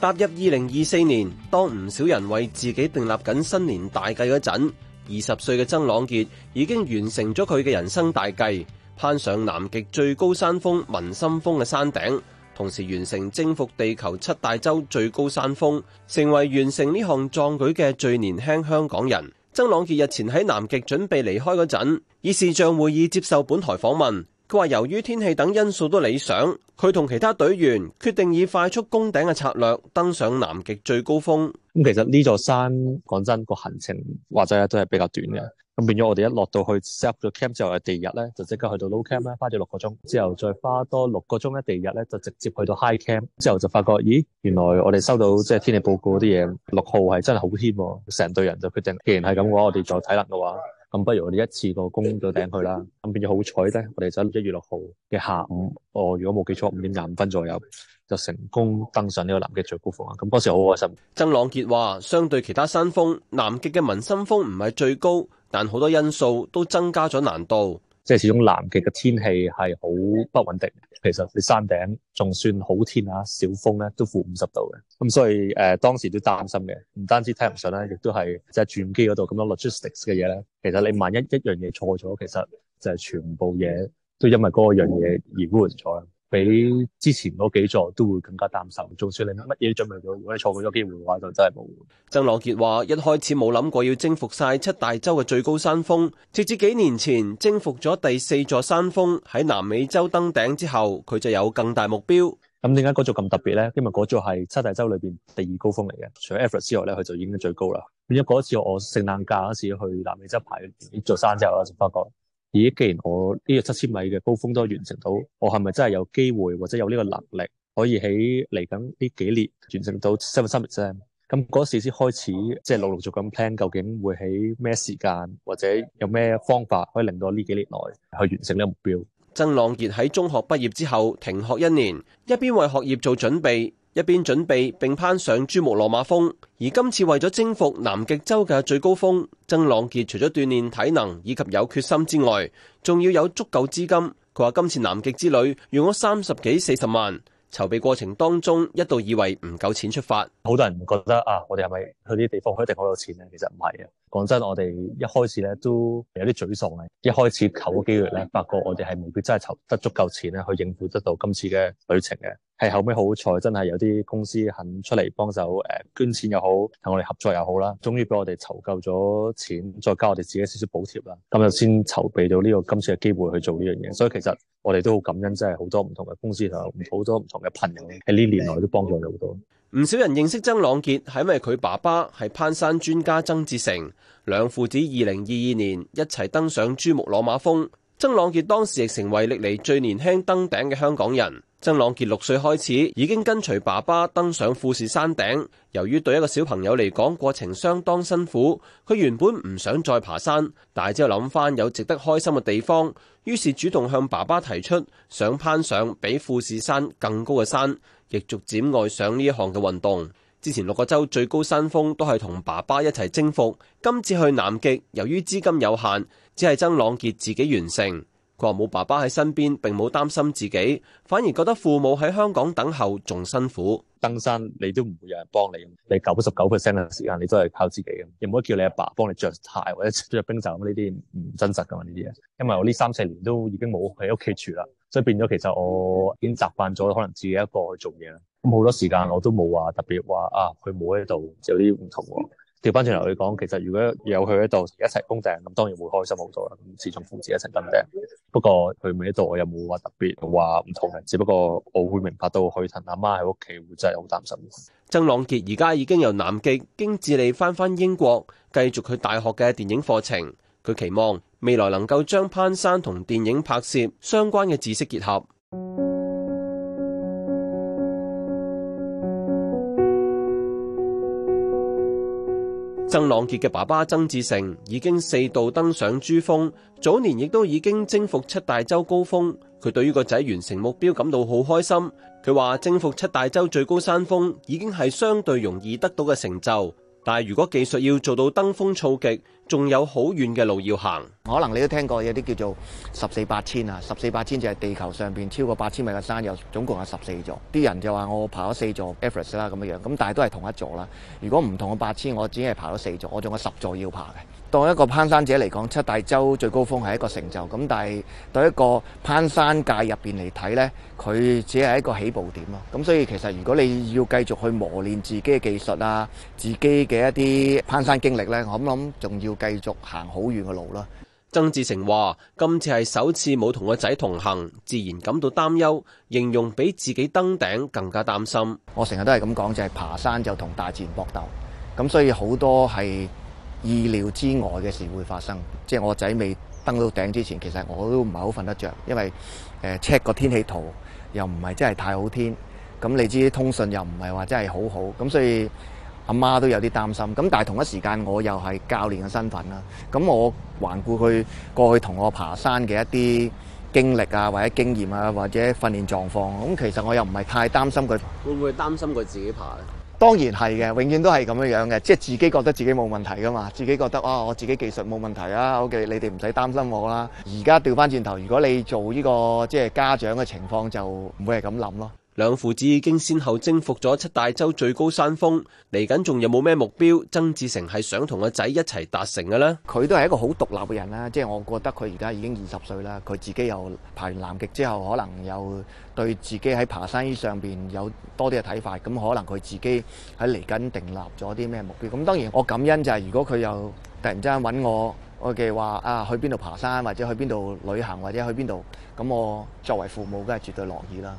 踏入二零二四年，當唔少人為自己訂立緊新年大計嗰陣，二十歲嘅曾朗傑已經完成咗佢嘅人生大計，攀上南極最高山峰文森峰嘅山頂，同時完成征服地球七大洲最高山峰，成為完成呢項壯舉嘅最年輕香港人。曾朗傑日前喺南極準備離開嗰陣，以視像會議接受本台訪問。佢話：由於天氣等因素都理想，佢同其他隊員決定以快速攻頂嘅策略登上南極最高峰。咁其實呢座山講真個行程或者都係比較短嘅。咁變咗我哋一落到去 set 咗 camp 之後嘅第二日咧，就即刻去到 low camp 咧，花咗六個鐘。之後再花多六個鐘咧，第二日咧就直接去到 high camp。之後就發覺咦，原來我哋收到即係天氣報告嗰啲嘢，六號係真係好天喎。成隊人就決定，既然係咁嘅話，我哋再睇啦嘅話。咁不如我哋一次過攻到頂去啦，咁變咗好彩呢，我哋就一月六號嘅下午，哦。如果冇記錯，五點廿五分左右就成功登上呢個南極最高峰啊！咁嗰時好開心。曾朗傑話，相對其他山峰，南極嘅文森峰唔係最高，但好多因素都增加咗難度。即係始終南極嘅天氣係好不穩定，其實你山頂仲算好天啊，小風咧都負五十度嘅，咁所以誒、呃、當時都擔心嘅，唔單止聽唔上啦，亦都係即係轉機嗰度咁多 logistics 嘅嘢咧，其實你萬一一樣嘢錯咗，其實就係全部嘢都因為嗰樣嘢而完咗啦。比之前嗰幾座都會更加擔心，就算你乜嘢都準備咗，如果你錯過咗機會嘅話，就真係冇。曾朗傑話：一開始冇諗過要征服晒七大洲嘅最高山峰，直至幾年前征服咗第四座山峰喺南美洲登頂之後，佢就有更大目標。咁點解嗰座咁特別咧？因為嗰座係七大洲裏邊第二高峰嚟嘅，除咗 Everest 之外咧，佢就已經最高啦。變咗嗰次我聖誕假嗰次去南美洲爬呢座山之後，我就發覺。咦，既然我呢個七千米嘅高峰都完成到，我係咪真係有機會或者有呢個能力可以喺嚟緊呢幾年完成到 Seven Summits？咁嗰時先開始即係陸陸續續咁 plan，究竟會喺咩時間或者有咩方法可以令到呢幾年內去完成呢個目標？曾朗傑喺中學畢業之後停學一年，一邊為學業做準備。一邊準備並攀上珠穆朗瑪峰，而今次為咗征服南極洲嘅最高峰，曾朗傑除咗鍛煉體能以及有決心之外，仲要有足夠資金。佢話今次南極之旅用咗三十幾四十萬，籌備過程當中一度以為唔夠錢出發。好多人會覺得啊，我哋係咪去啲地方佢一定好有錢咧？其實唔係啊。講真，我哋一開始咧都有啲沮喪嘅。一開始籌嘅幾個月咧，發覺我哋係未必真係籌得足夠錢咧，去應付得到今次嘅旅程嘅。係後尾好彩，真係有啲公司肯出嚟幫手，誒捐錢又好，同我哋合作又好啦，終於俾我哋籌夠咗錢，再加我哋自己少少補貼啦，咁就先籌備到呢個今次嘅機會去做呢樣嘢。所以其實我哋都好感恩，真係好多唔同嘅公司同好多唔同嘅朋友喺呢年來都幫助咗好多。唔少人認識曾朗傑，係因為佢爸爸係攀山專家曾志成。兩父子二零二二年一齊登上珠穆朗瑪峰，曾朗傑當時亦成為歷嚟最年輕登頂嘅香港人。曾朗傑六歲開始已經跟隨爸爸登上富士山頂，由於對一個小朋友嚟講過程相當辛苦，佢原本唔想再爬山，但係之後諗翻有值得開心嘅地方，於是主動向爸爸提出想攀上比富士山更高嘅山，亦逐漸愛上呢一項嘅運動。之前六個洲最高山峰都係同爸爸一齊征服，今次去南極，由於資金有限，只係曾朗傑自己完成。佢話冇爸爸喺身邊，並冇擔心自己，反而覺得父母喺香港等候仲辛苦。登山你都唔會有人幫你，你九十九 percent 嘅時間你都係靠自己嘅，又唔可以叫你阿爸，爸幫你着鞋或者着冰袖呢啲唔真實噶嘛呢啲嘢。因為我呢三四年都已經冇喺屋企住啦，所以變咗其實我已經習慣咗可能自己一個去做嘢啦。咁好多時間我都冇話特別話啊，佢冇喺度有啲唔同喎。掉返轉頭去講，其實如果有去喺度一齊攻頂，咁當然會開心好多啦。始終父子一齊登頂，不過去唔喺度，我又冇話特別話唔同人，只不過我會明白到佢同阿媽喺屋企會真係好擔心。曾朗傑而家已經由南極經智利翻返英國，繼續佢大學嘅電影課程。佢期望未來能夠將攀山同電影拍攝相關嘅知識結合。曾朗傑嘅爸爸曾志成已經四度登上珠峰，早年亦都已經征服七大洲高峰。佢對於個仔完成目標感到好開心。佢話征服七大洲最高山峰已經係相對容易得到嘅成就，但係如果技術要做到登峰造極。仲有好遠嘅路要行，可能你都聽過有啲叫做十四八千啊，十四八千就係地球上邊超過八千米嘅山有總共有十四座，啲人就話我爬咗四座 Everest 啦咁樣樣，咁但係都係同一座啦。如果唔同嘅八千，我只係爬咗四座，我仲有十座要爬嘅。當一個攀山者嚟講，七大洲最高峰係一個成就，咁但係對一個攀山界入邊嚟睇呢，佢只係一個起步點咯。咁所以其實如果你要繼續去磨練自己嘅技術啊，自己嘅一啲攀山經歷呢，我諗諗仲要。繼續行好遠嘅路啦。曾志成話：今次係首次冇同個仔同行，自然感到擔憂，形容比自己登頂更加擔心。我成日都係咁講，就係爬山就同大自然搏鬥，咁所以好多係意料之外嘅事會發生。即係我仔未登到頂之前，其實我都唔係好瞓得着，因為誒 check 個天氣圖又唔係真係太好天，咁你知通訊又唔係話真係好好，咁所以。阿媽都有啲擔心，咁但係同一時間我又係教練嘅身份啦，咁我環顧佢過去同我爬山嘅一啲經歷啊，或者經驗啊，或者訓練狀況，咁其實我又唔係太擔心佢。會唔會擔心佢自己爬咧？當然係嘅，永遠都係咁樣樣嘅，即係自己覺得自己冇問題噶嘛，自己覺得啊，我自己技術冇問題啊，OK，你哋唔使擔心我啦。而家調翻轉頭，如果你做呢個即係家長嘅情況，就唔會係咁諗咯。兩父子已經先後征服咗七大洲最高山峰，嚟緊仲有冇咩目標？曾志成係想同個仔一齊達成嘅咧？佢都係一個好獨立嘅人啦，即係我覺得佢而家已經二十歲啦，佢自己又爬完南極之後，可能又對自己喺爬山上邊有多啲嘅睇法。咁可能佢自己喺嚟緊定立咗啲咩目標？咁當然，我感恩就係如果佢又突然之間揾我，我嘅話啊，去邊度爬山，或者去邊度旅行，或者去邊度，咁我作為父母，梗係絕對樂意啦。